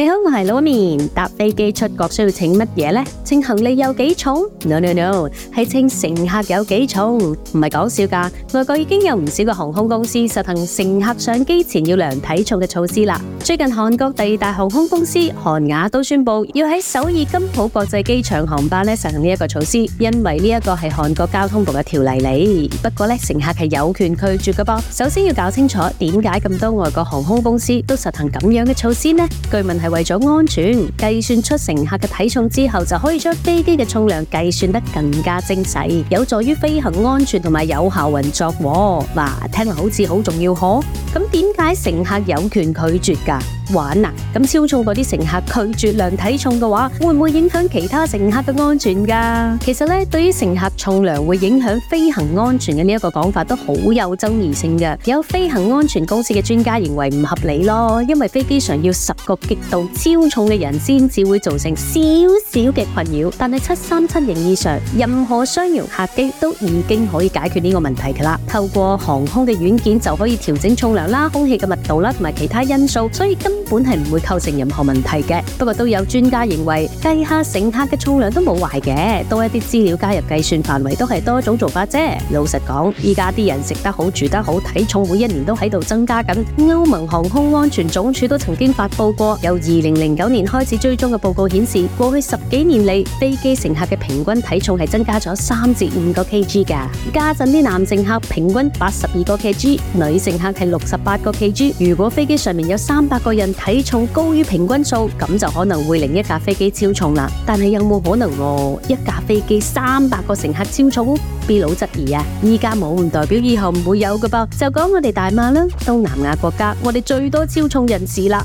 你好，我係 Melody。搭飛機出國需要請乜嘢咧？請行李有幾重？No no no，係請乘客有幾重？唔係講笑噶，外國已經有唔少個航空公司實行乘客上機前要量體重嘅措施啦。最近韓國第二大航空公司韓亞都宣布要喺首爾金浦國際機場航班咧實行呢一個措施，因為呢一個係韓國交通部嘅條例嚟。不過咧，乘客係有權拒絕嘅噃。首先要搞清楚點解咁多外國航空公司都實行咁樣嘅措施咧？據聞係。為咗安全，計算出乘客嘅體重之後，就可以將飛機嘅重量計算得更加精細，有助於飛行安全同埋有效運作喎。嗱，聽嚟好似好重要可，咁點解乘客有權拒絕㗎？玩咁、啊、超重嗰啲乘客拒絕量體重嘅話，會唔會影響其他乘客嘅安全噶？其實呢，對於乘客重量會影響飛行安全嘅呢一個講法，都好有爭議性嘅。有飛行安全公司嘅專家認為唔合理咯，因為飛機上要十個極度超重嘅人先至會造成少少嘅困擾，但係七三七型以上任何商業客機都已經可以解決呢個問題噶啦。透過航空嘅軟件就可以調整重量啦、空氣嘅密度啦同埋其他因素，所以今本係唔會構成任何問題嘅，不過都有專家認為計下乘客嘅重量都冇壞嘅，多一啲資料加入計算範圍都係多一種做法啫。老實講，依家啲人食得好住得好，體重每一年都喺度增加緊。歐盟航空安全總署都曾經發布過由二零零九年開始追蹤嘅報告顯示，顯示過去十幾年嚟，飛機乘客嘅平均體重係增加咗三至五個 kg 㗎。家陣啲男性客平均八十二個 kg，女性客係六十八個 kg。如果飛機上面有三百個人，體重高於平均數，咁就可能會令一架飛機超重啦。但係有冇可能喎，一架飛機三百個乘客超重？咪老質疑啊，依家冇，唔代表以後唔會有噶噃。就講我哋大馬啦，東南亞國家我哋最多超重人士啦。